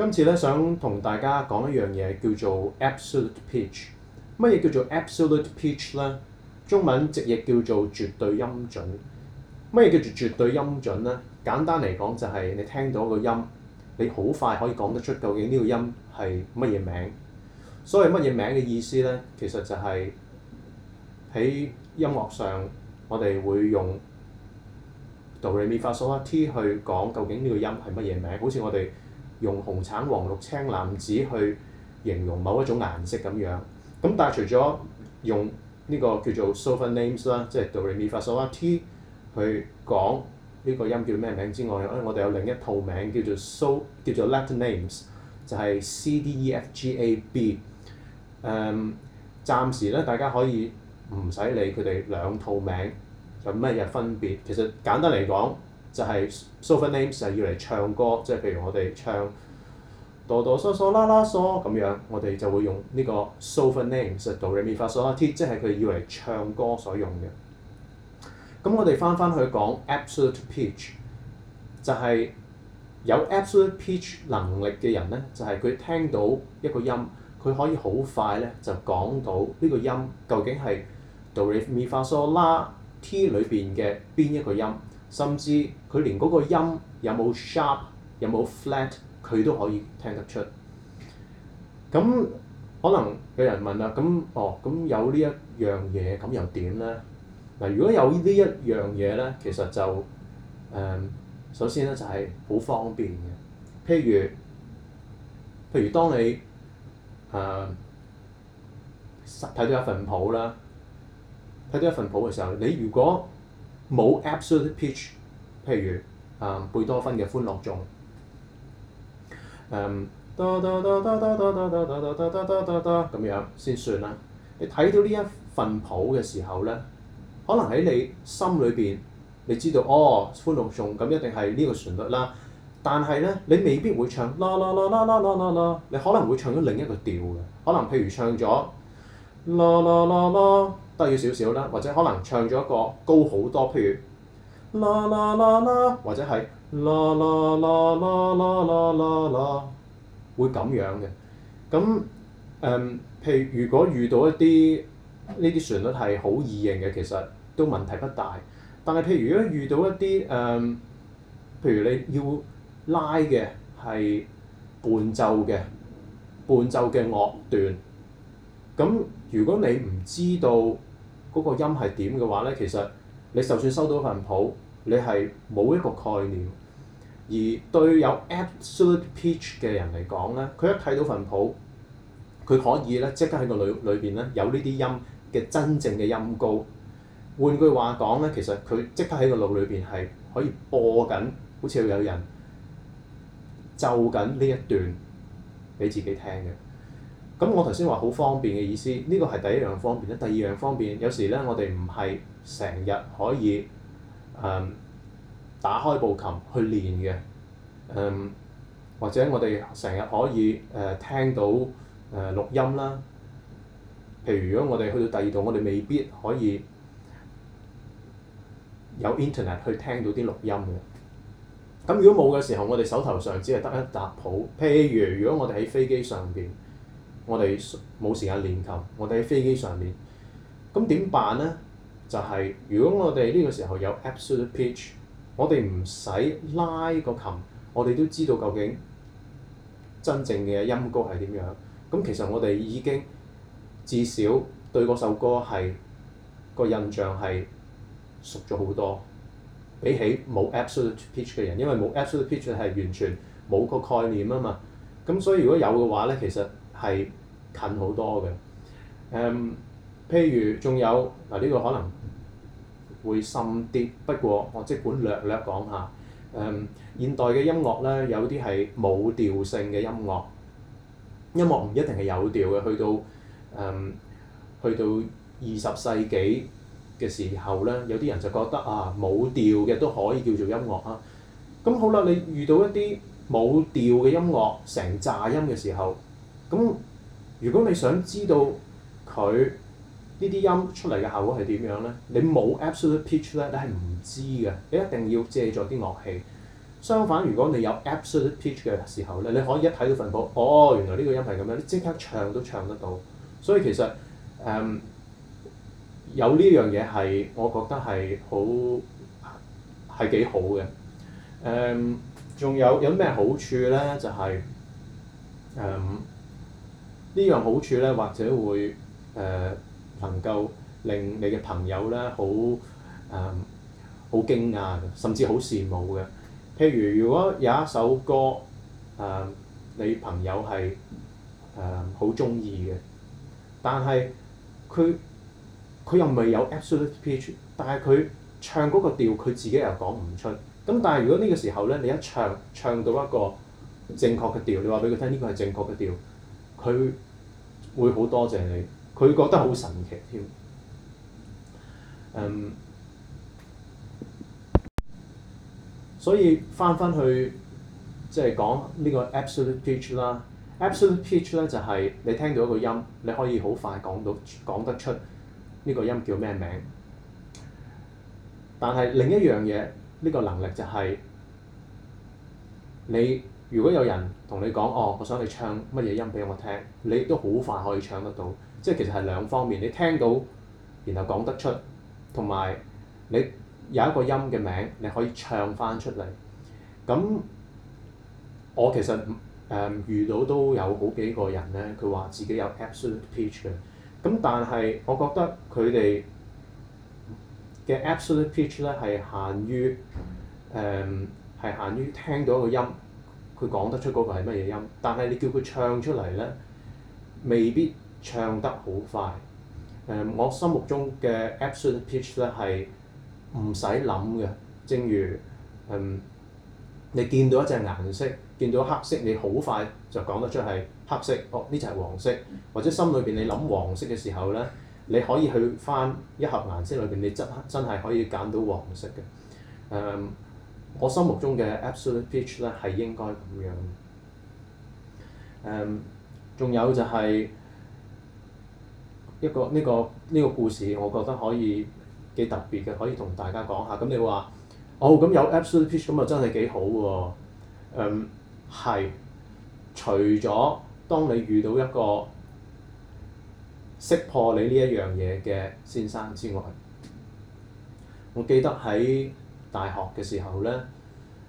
今次咧想同大家講一樣嘢，叫做 absolute pitch。乜嘢叫做 absolute pitch 咧？中文直譯叫做絕對音準。乜嘢叫做絕對音準咧？簡單嚟講就係你聽到個音，你好快可以講得出究竟呢個音係乜嘢名。所謂乜嘢名嘅意思咧，其實就係喺音樂上，我哋會用 do re mi fa so la ti 去講究竟呢個音係乜嘢名，好似我哋用紅、橙、黃、綠、青、藍、紫去形容某一種顏色咁樣，咁但係除咗用呢個叫做 sofa names 啦，即係 do re mi fa so la ti 去講呢個音叫咩名之外，誒我哋有另一套名叫做 so 叫做 letter names，就係 c d e f g a b，嗯。誒，暫時咧，大家可以唔使理佢哋兩套名有乜嘢分別。其實簡單嚟講，就係 sofa names 就係要嚟唱歌，即係譬如我哋唱哆哆嗦嗦啦啦嗦咁樣，我哋就會用呢個 sofa names do re mi fa sol la ti，即係佢要嚟唱歌所用嘅。咁我哋翻翻去講 absolute pitch，就係有 absolute pitch 能力嘅人咧，就係、是、佢聽到一個音，佢可以好快咧就講到呢個音究竟係 do re mi fa sol la ti 裏邊嘅邊一個音。甚至佢連嗰個音有冇 sharp 有冇 flat 佢都可以聽得出。咁可能有人問啦，咁哦咁有呢一樣嘢咁又點咧？嗱，如果有呢一樣嘢咧，其實就誒、呃、首先咧就係好方便嘅。譬如譬如當你誒睇、呃、到一份譜啦，睇到一份譜嘅時候，你如果冇 absolute pitch，譬如啊貝多芬嘅《歡樂頌》，誒咁樣先算啦。你睇到呢一份譜嘅時候咧，可能喺你心裏邊，你知道哦《歡樂頌》咁一定係呢個旋律啦。但係咧，你未必會唱啦啦啦啦啦啦啦，你可能會唱咗另一個調嘅，可能譬如唱咗啦啦啦啦。都要少少啦，或者可能唱咗一個高好多，譬如啦啦啦啦，或者係啦啦啦啦啦啦啦，會咁樣嘅。咁誒、呃，譬如如果遇到一啲呢啲旋律係好易認嘅，其實都問題不大。但係譬如如果遇到一啲誒、呃，譬如你要拉嘅係伴奏嘅伴奏嘅樂段，咁如果你唔知道，嗰個音係點嘅話咧，其實你就算收到份譜，你係冇一個概念。而對有 absolute pitch 嘅人嚟講咧，佢一睇到份譜，佢可以咧即刻喺個腦裏邊咧有呢啲音嘅真正嘅音高。換句話講咧，其實佢即刻喺個腦裏邊係可以播緊，好似有人奏緊呢一段俾自己聽嘅。咁我頭先話好方便嘅意思，呢個係第一樣方便。第二樣方便，有時咧我哋唔係成日可以，呃、打開部琴去練嘅、呃，或者我哋成日可以誒、呃、聽到誒錄、呃、音啦。譬如如果我哋去到第二度，我哋未必可以有 Internet 去聽到啲錄音嘅。咁如果冇嘅時候，我哋手頭上只係得一沓譜。譬如如果我哋喺飛機上邊。我哋冇時間練琴，我哋喺飛機上面。咁點辦呢？就係如果我哋呢個時候有 absolute pitch，我哋唔使拉個琴，我哋都知道究竟真正嘅音高係點樣。咁其實我哋已經至少對嗰首歌係個印象係熟咗好多，比起冇 absolute pitch 嘅人，因為冇 absolute pitch 係完全冇個概念啊嘛。咁所以如果有嘅話呢，其實係～近好多嘅，誒、嗯，譬如仲有嗱，呢、啊這個可能會深啲，不過我即管略略講下，誒、嗯，現代嘅音樂咧，有啲係冇調性嘅音樂，音樂唔一定係有調嘅，去到誒、嗯，去到二十世紀嘅時候咧，有啲人就覺得啊，冇調嘅都可以叫做音樂啊，咁好啦，你遇到一啲冇調嘅音樂成炸音嘅時候，咁。如果你想知道佢呢啲音出嚟嘅效果係點樣咧，你冇 absolute pitch 咧，你係唔知嘅。你一定要借助啲樂器。相反，如果你有 absolute pitch 嘅時候咧，你可以一睇到份譜，哦，原來呢個音係咁樣，你即刻唱都唱得到。所以其實誒、嗯、有呢樣嘢係我覺得係好係幾好嘅。誒、嗯，仲有有咩好處咧？就係、是、誒、嗯呢樣好處咧，或者會誒、呃、能夠令你嘅朋友咧好誒好驚訝，甚至好羨慕嘅。譬如如果有一首歌誒、呃、你朋友係誒好中意嘅，但係佢佢又未有 absolute pitch，但係佢唱嗰個調，佢自己又講唔出。咁但係如果呢個時候咧，你一唱唱到一個正確嘅調，你話俾佢聽，呢個係正確嘅調。佢會好多謝你，佢覺得好神奇添。嗯，所以翻返去即係講呢個 absolute pitch 啦，absolute pitch 咧就係你聽到一個音，你可以好快講到講得出呢個音叫咩名。但係另一樣嘢，呢、呢個能力就係你。如果有人同你講：哦，我想你唱乜嘢音俾我聽，你都好快可以唱得到。即係其實係兩方面，你聽到，然後講得出，同埋你有一個音嘅名，你可以唱翻出嚟。咁我其實誒、呃、遇到都有好幾個人咧，佢話自己有 absolute pitch 嘅。咁但係我覺得佢哋嘅 absolute pitch 咧，係限於誒，係限於聽到一個音。佢講得出嗰個係乜嘢音，但係你叫佢唱出嚟咧，未必唱得好快。誒、呃，我心目中嘅 absolute pitch 咧係唔使諗嘅。正如嗯，你見到一隻顏色，見到黑色，你好快就講得出係黑色。哦，呢隻係黃色，或者心裏邊你諗黃色嘅時候咧，你可以去翻一盒顏色裏邊，你真真係可以揀到黃色嘅。誒、嗯。我心目中嘅 absolute pitch 咧係應該咁樣。仲、um, 有就係一個呢、呢個呢、呢個故事，我覺得可以幾特別嘅，可以同大家講下。咁你話，哦，咁有 absolute pitch 咁啊，真係幾好喎。誒，係。除咗當你遇到一個識破你呢一樣嘢嘅先生之外，我記得喺大學嘅時候咧，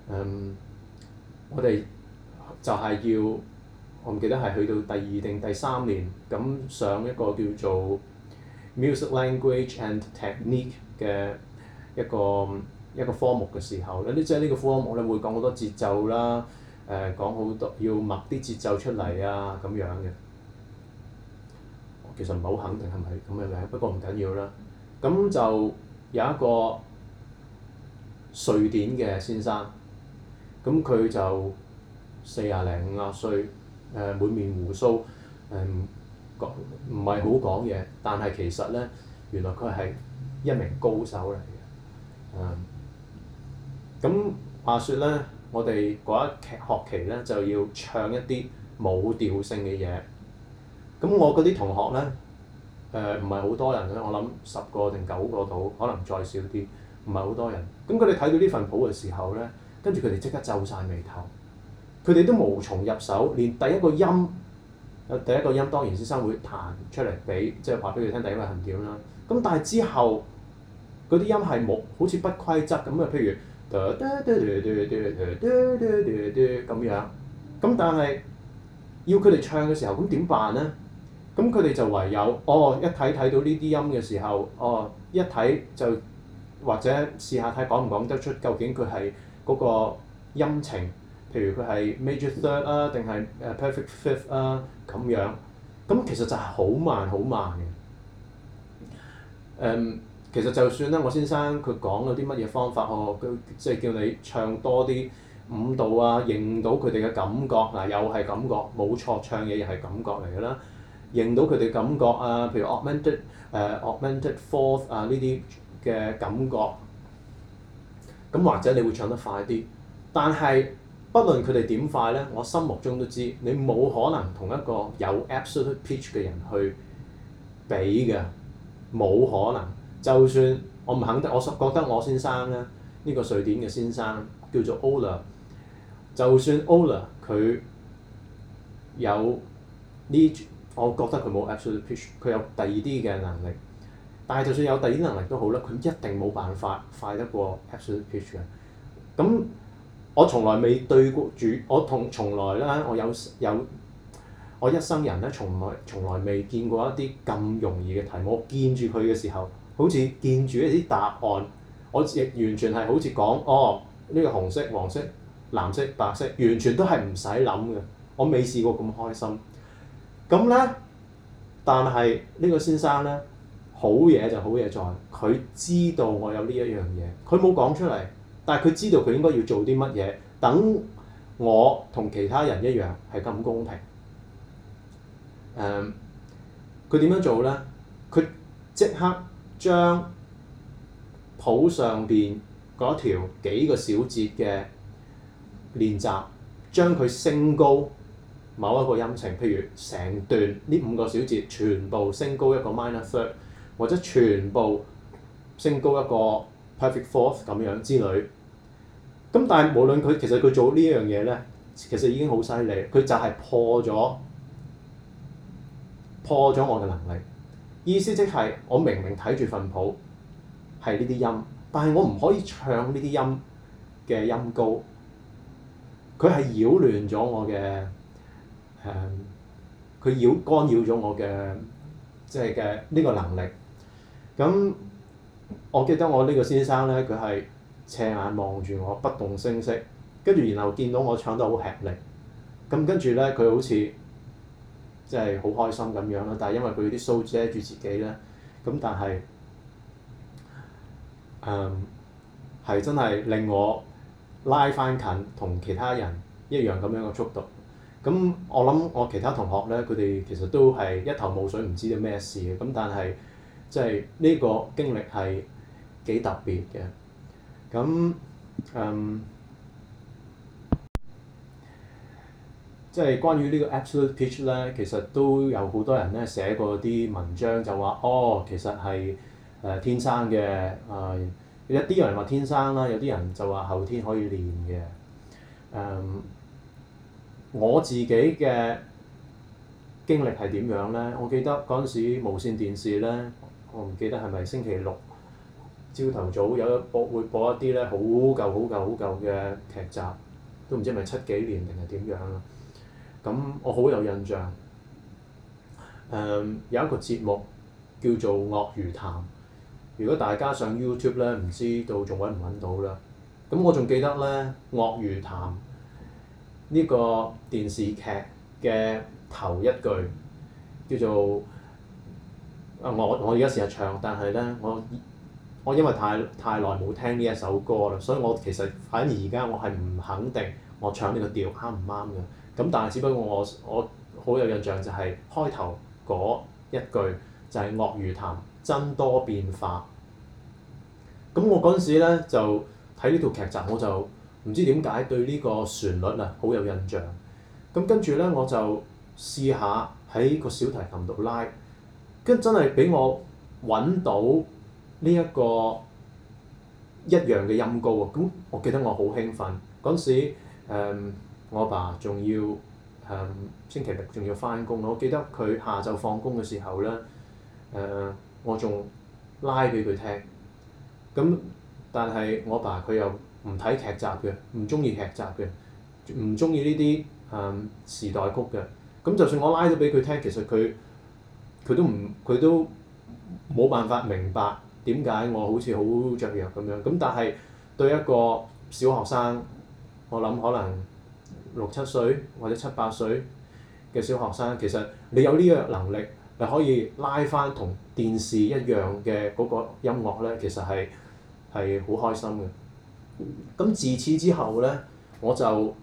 嗯，我哋就係要，我唔記得係去到第二定第三年，咁上一個叫做 Music Language and Technique 嘅一個一個科目嘅時候咧，呢即係呢個科目咧會講好多節奏啦，誒講好多要默啲節奏出嚟啊咁樣嘅。其實唔係好肯定係咪咁嘅名，不過唔緊要啦。咁就有一個，瑞典嘅先生，咁佢就四十零五十歲，誒、呃、滿面胡鬚，誒講唔係好講嘢，但係其實咧，原來佢係一名高手嚟嘅，誒、嗯。咁話說咧，我哋嗰一學期咧就要唱一啲冇調性嘅嘢，咁我嗰啲同學咧，誒唔係好多人咧，我諗十個定九個度，可能再少啲，唔係好多人，咁佢哋睇到呢份譜嘅時候咧，跟住佢哋即刻皺晒眉頭，佢哋都無從入手，連第一個音，第一個音當然先生會彈出嚟俾，即係話俾佢聽第一個音點啦。咁但係之後，嗰啲音係冇好似不規則咁啊，譬如嘟嘟嘟嘟嘟嘟嘟嘟嘟嘟嘟嘟咁樣，咁但係要佢哋唱嘅時候，咁點辦咧？咁佢哋就唯有，哦一睇睇到呢啲音嘅時候，哦一睇就。或者試下睇，講唔講得出，究竟佢係嗰個音程，譬如佢係 major third 啊，定係誒 perfect fifth 啊咁樣。咁、嗯、其實就係好慢，好慢嘅。誒、嗯，其實就算咧，我先生佢講嗰啲乜嘢方法呵，佢即係叫你唱多啲五度啊，認到佢哋嘅感覺。嗱、啊，又係感覺，冇錯，唱嘢又係感覺嚟㗎啦。認到佢哋感覺啊，譬如 augmented 誒、uh, augmented fourth 啊呢啲。嘅感覺，咁或者你會唱得快啲，但係不論佢哋點快咧，我心目中都知你冇可能同一個有 absolute pitch 嘅人去比嘅，冇可能。就算我唔肯定，我覺得我先生咧，呢個瑞典嘅先生叫做 Ola，就算 Ola 佢有呢，我覺得佢冇 absolute pitch，佢有第二啲嘅能力。但係，就算有第二能力都好啦，佢一定冇辦法快得過 absolute pitch。咁我從來未對過住，我同從來咧，我有有我一生人咧，從來從來未見過一啲咁容易嘅題目。我見住佢嘅時候，好似見住一啲答案，我亦完全係好似講哦，呢個紅色、黃色、藍色、白色，完全都係唔使諗嘅。我未試過咁開心。咁咧，但係呢個先生咧。好嘢就好嘢在，佢知道我有呢一樣嘢，佢冇講出嚟，但係佢知道佢應該要做啲乜嘢。等我同其他人一樣係咁公平。誒、嗯，佢點樣做咧？佢即刻將譜上邊嗰條幾個小節嘅練習，將佢升高某一個音程，譬如成段呢五個小節全部升高一個 minor third，或者全部升高一個 perfect fourth 咁樣之類，咁但係無論佢其實佢做呢樣嘢咧，其實已經好犀利。佢就係破咗破咗我嘅能力。意思即係我明明睇住份譜係呢啲音，但係我唔可以唱呢啲音嘅音高。佢係擾亂咗我嘅誒佢擾干擾咗我嘅即係嘅呢個能力。咁、嗯、我記得我呢個先生咧，佢係斜眼望住我，不動聲色，跟住然後見到我唱得好吃力，咁跟住咧佢好似即係好開心咁樣啦，但係因為佢有啲鬚遮住自己咧，咁、嗯、但係誒係真係令我拉返近同其他人一樣咁樣嘅速度。咁、嗯、我諗我其他同學咧，佢哋其實都係一頭霧水，唔知啲咩事嘅。咁但係即係呢個經歷係幾特別嘅，咁誒、嗯，即係關於呢個 absolute pitch 咧，其實都有好多人咧寫過啲文章就，就話哦，其實係誒、呃、天生嘅誒，一、呃、啲人話天生啦，有啲人就話後天可以練嘅。誒、嗯，我自己嘅經歷係點樣咧？我記得嗰陣時無線電視咧。我唔記得係咪星期六朝頭早有播，會播一啲咧，好舊好舊好舊嘅劇集，都唔知係咪七幾年定係點樣啦。咁我好有印象，誒、嗯、有一個節目叫做《鱷魚潭》。如果大家上 YouTube 咧，唔知道仲揾唔揾到啦。咁我仲記得咧，《鱷魚潭》呢、這個電視劇嘅頭一句叫做：啊！我我而家試下唱，但係咧，我我因為太太耐冇聽呢一首歌啦，所以我其實反而而家我係唔肯定我唱呢個調啱唔啱嘅。咁但係只不過我我好有印象就係、是、開頭嗰一句就係、是《鱷魚潭》真多變化。咁我嗰陣時咧就睇呢套劇集，我就唔知點解對呢個旋律啊好有印象。咁跟住咧我就試下喺個小提琴度拉。跟真係俾我揾到呢一個一樣嘅音高啊。咁我記得我好興奮嗰陣時，誒、嗯、我爸仲要誒、嗯、星期六仲要返工，我記得佢下晝放工嘅時候咧，誒、嗯、我仲拉俾佢聽，咁但係我爸佢又唔睇劇集嘅，唔中意劇集嘅，唔中意呢啲誒時代曲嘅，咁就算我拉咗俾佢聽，其實佢。佢都唔，佢都冇辦法明白點解我好似好雀躍咁樣。咁但係對一個小學生，我諗可能六七歲或者七八歲嘅小學生，其實你有呢個能力，你可以拉翻同電視一樣嘅嗰個音樂咧，其實係係好開心嘅。咁自此之後咧，我就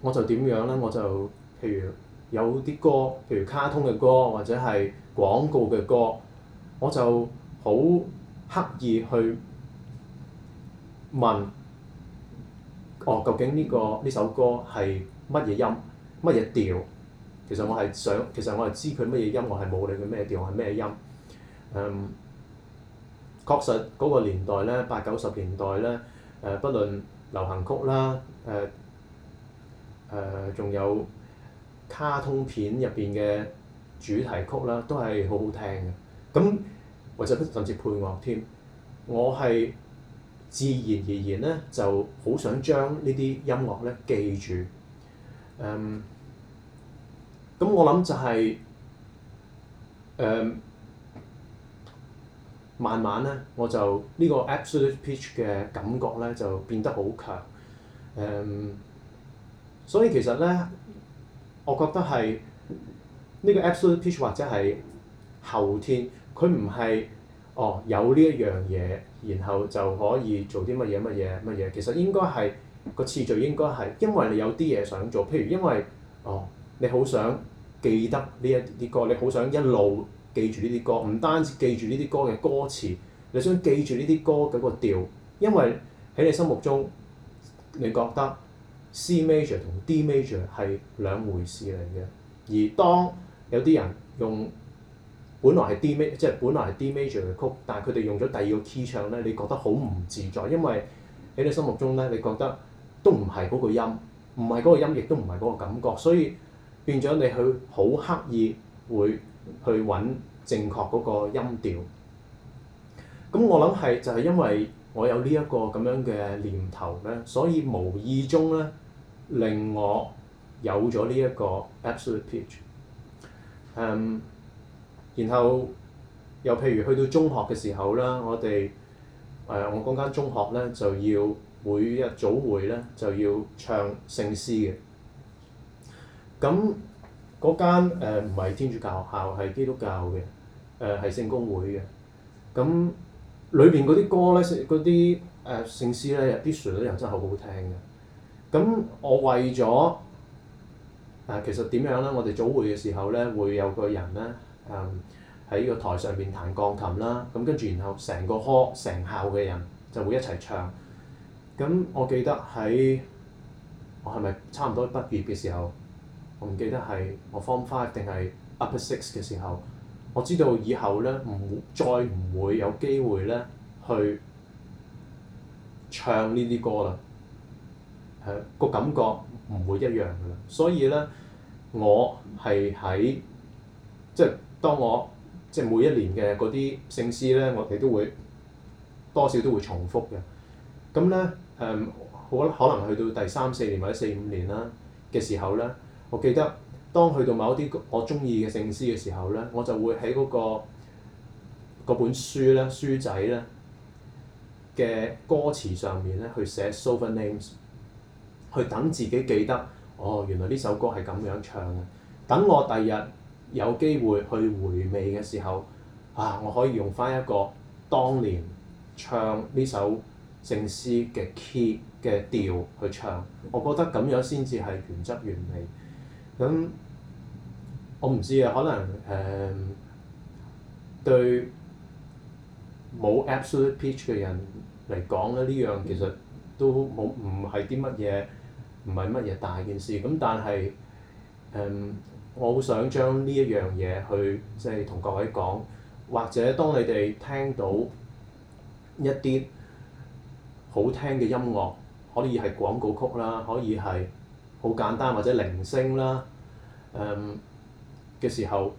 我就點樣咧？我就，我就譬如。有啲歌，譬如卡通嘅歌或者係廣告嘅歌，我就好刻意去問：哦，究竟呢個呢首歌係乜嘢音、乜嘢調？其實我係想，其實我係知佢乜嘢音，我係冇理佢咩調係咩音。嗯，確實嗰個年代咧，八九十年代咧，誒、呃，不論流行曲啦，誒、呃，誒、呃，仲有。卡通片入邊嘅主題曲啦，都係好好聽嘅。咁或者甚至配樂添，我係自然而然咧就好想將呢啲音樂咧記住。誒、嗯，咁我諗就係、是、誒、嗯，慢慢咧我就呢、這個 absolute pitch 嘅感覺咧就變得好強。誒、嗯，所以其實咧。我覺得係呢、這個 absolute pitch 或者係後天，佢唔係哦有呢一樣嘢，然後就可以做啲乜嘢乜嘢乜嘢。其實應該係個次序應該係，因為你有啲嘢想做，譬如因為哦你好想記得呢一啲歌，你好想一路記住呢啲歌，唔單止記住呢啲歌嘅歌詞，你想記住呢啲歌嘅個調，因為喺你心目中你覺得。C major 同 D major 係兩回事嚟嘅，而當有啲人用本來係 D, D major 即係本來係 D major 嘅曲，但係佢哋用咗第二個 key 唱咧，你覺得好唔自在，因為喺你心目中咧，你覺得都唔係嗰個音，唔係嗰個音，亦都唔係嗰個感覺，所以變咗你去好刻意會去揾正確嗰個音調。咁我諗係就係因為我有呢一個咁樣嘅念頭咧，所以無意中咧。令我有咗呢一個 absolute pitch。Um，然後又譬如去到中學嘅時候啦，我哋誒、呃、我嗰間中學咧就要每一早會咧就要唱聖詩嘅。咁嗰間唔係天主教學校，係基督教嘅，誒係聖公會嘅。咁裏邊嗰啲歌咧，嗰啲誒聖詩咧，有啲旋律人真係好好聽嘅。咁我為咗啊，其實點樣咧？我哋早會嘅時候咧，會有個人咧，嗯，喺個台上邊彈鋼琴啦。咁跟住然後成個學成校嘅人就會一齊唱。咁我記得喺我係咪差唔多畢業嘅時候？我唔記得係我 Form Five 定係 Upper Six 嘅時候。我知道以後咧唔再唔會有機會咧去唱呢啲歌啦。係個感覺唔會一樣㗎啦，所以咧，我係喺即係當我即係每一年嘅嗰啲聖詩咧，我哋都會多少都會重複嘅。咁咧，誒、呃、好可能去到第三四年或者四五年啦嘅時候咧，我記得當去到某啲我中意嘅聖詩嘅時候咧，我就會喺嗰、那個嗰本書咧、書仔咧嘅歌詞上面咧去寫 sol-fa names。去等自己記得，哦，原來呢首歌係咁樣唱嘅。等我第日有機會去回味嘅時候，啊，我可以用翻一個當年唱呢首聖詩嘅 key 嘅調去唱。我覺得咁樣先至係原汁原味。咁、嗯，我唔知啊，可能誒、呃、對冇 absolute pitch 嘅人嚟講咧，呢樣其實都冇唔係啲乜嘢。唔係乜嘢大件事，咁但係，誒、嗯，我好想將呢一樣嘢去即係同各位講，或者當你哋聽到一啲好聽嘅音樂，可以係廣告曲啦，可以係好簡單或者鈴聲啦，誒、嗯嘅時候，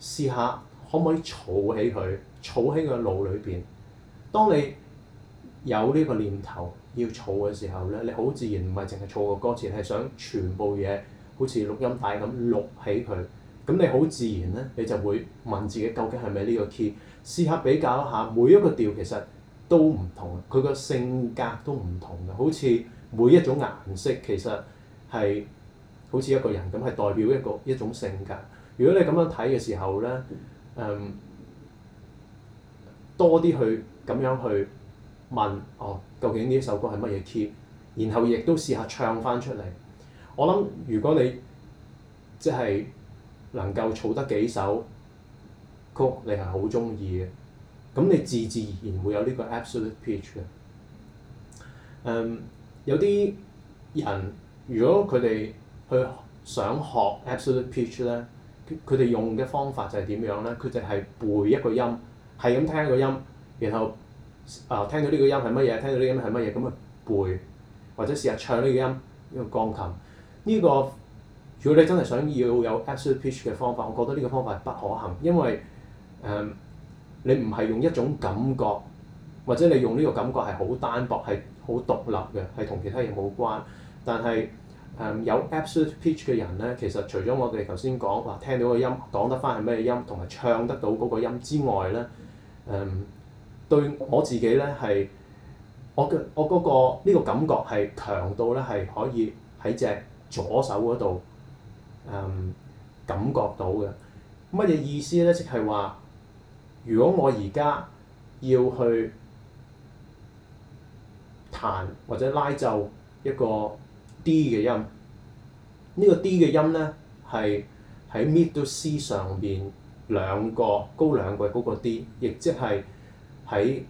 試下可唔可以儲起佢，儲起佢嘅腦裏邊，當你有呢個念頭要儲嘅時候咧，你好自然唔係淨係儲個歌詞，係想全部嘢好似錄音帶咁錄起佢。咁你好自然咧，你就會問自己究竟係咪呢個 key？試下比較一下每一個調其實都唔同，佢個性格都唔同嘅，好似每一種顏色其實係好似一個人咁，係代表一個一種性格。如果你咁樣睇嘅時候咧，誒、嗯、多啲去咁樣去。問哦，究竟呢首歌係乜嘢 key？然後亦都試下唱翻出嚟。我諗如果你即係能夠儲得幾首曲，你係好中意嘅，咁你自自然然會有呢個 absolute pitch 嘅。嗯，有啲人如果佢哋去想學 absolute pitch 咧，佢哋用嘅方法就係點樣咧？佢就係背一個音，係咁聽一個音，然後。啊！聽到呢個音係乜嘢？聽到呢個音係乜嘢？咁啊背，或者試下唱呢個音。呢、這個鋼琴呢、這個，如果你真係想要有 absolute pitch 嘅方法，我覺得呢個方法不可行，因為誒、嗯、你唔係用一種感覺，或者你用呢個感覺係好單薄，係好獨立嘅，係同其他嘢冇關。但係誒、嗯、有 absolute pitch 嘅人咧，其實除咗我哋頭先講話聽到個音講得翻係咩音，同埋唱得到嗰個音之外咧，誒、嗯。對我自己咧，係我嘅，我嗰個呢個感覺係強到咧，係可以喺隻左手嗰度，嗯，感覺到嘅。乜嘢意思咧？即係話如果我而家要去彈或者拉奏一個 D 嘅音，呢、這個 D 嘅音咧，係喺 Middle C 上邊兩個高，兩個高個 D，亦即係。喺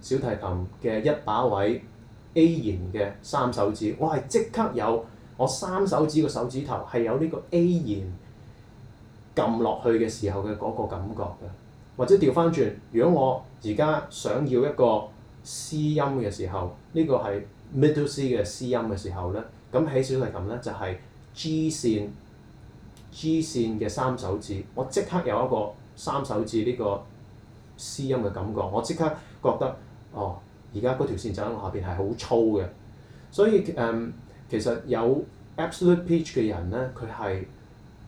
小提琴嘅一把位 A 弦嘅三手指，我係即刻有我三手指個手指頭係有呢個 A 弦撳落去嘅時候嘅個感覺嘅，或者調翻轉，如果我而家想要一個 C 音嘅時候，呢個係 Middle C 嘅 C 音嘅時候咧，咁喺小提琴咧就係 G 線 G 線嘅三手指，我即刻有一個三手指呢個。私音嘅感覺，我即刻覺得，哦，而家嗰條線就喺我下邊係好粗嘅，所以誒、嗯，其實有 absolute pitch 嘅人咧，佢係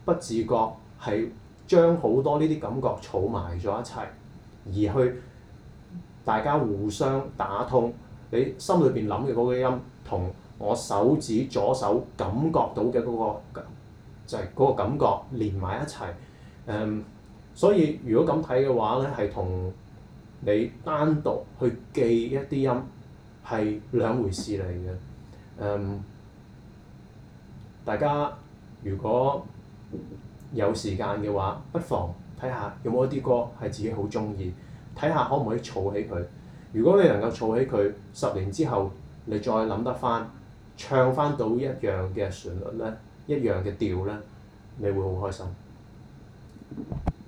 不自覺係將好多呢啲感覺儲埋咗一齊，而去大家互相打通，你心裏邊諗嘅嗰個音，同我手指左手感覺到嘅嗰、嗰個就係、是、嗰個感覺連埋一齊，誒、嗯。所以如果咁睇嘅話咧，係同你單獨去記一啲音係兩回事嚟嘅。誒、嗯，大家如果有時間嘅話，不妨睇下有冇一啲歌係自己好中意，睇下可唔可以儲起佢。如果你能夠儲起佢，十年之後你再諗得翻唱翻到一樣嘅旋律咧，一樣嘅調咧，你會好開心。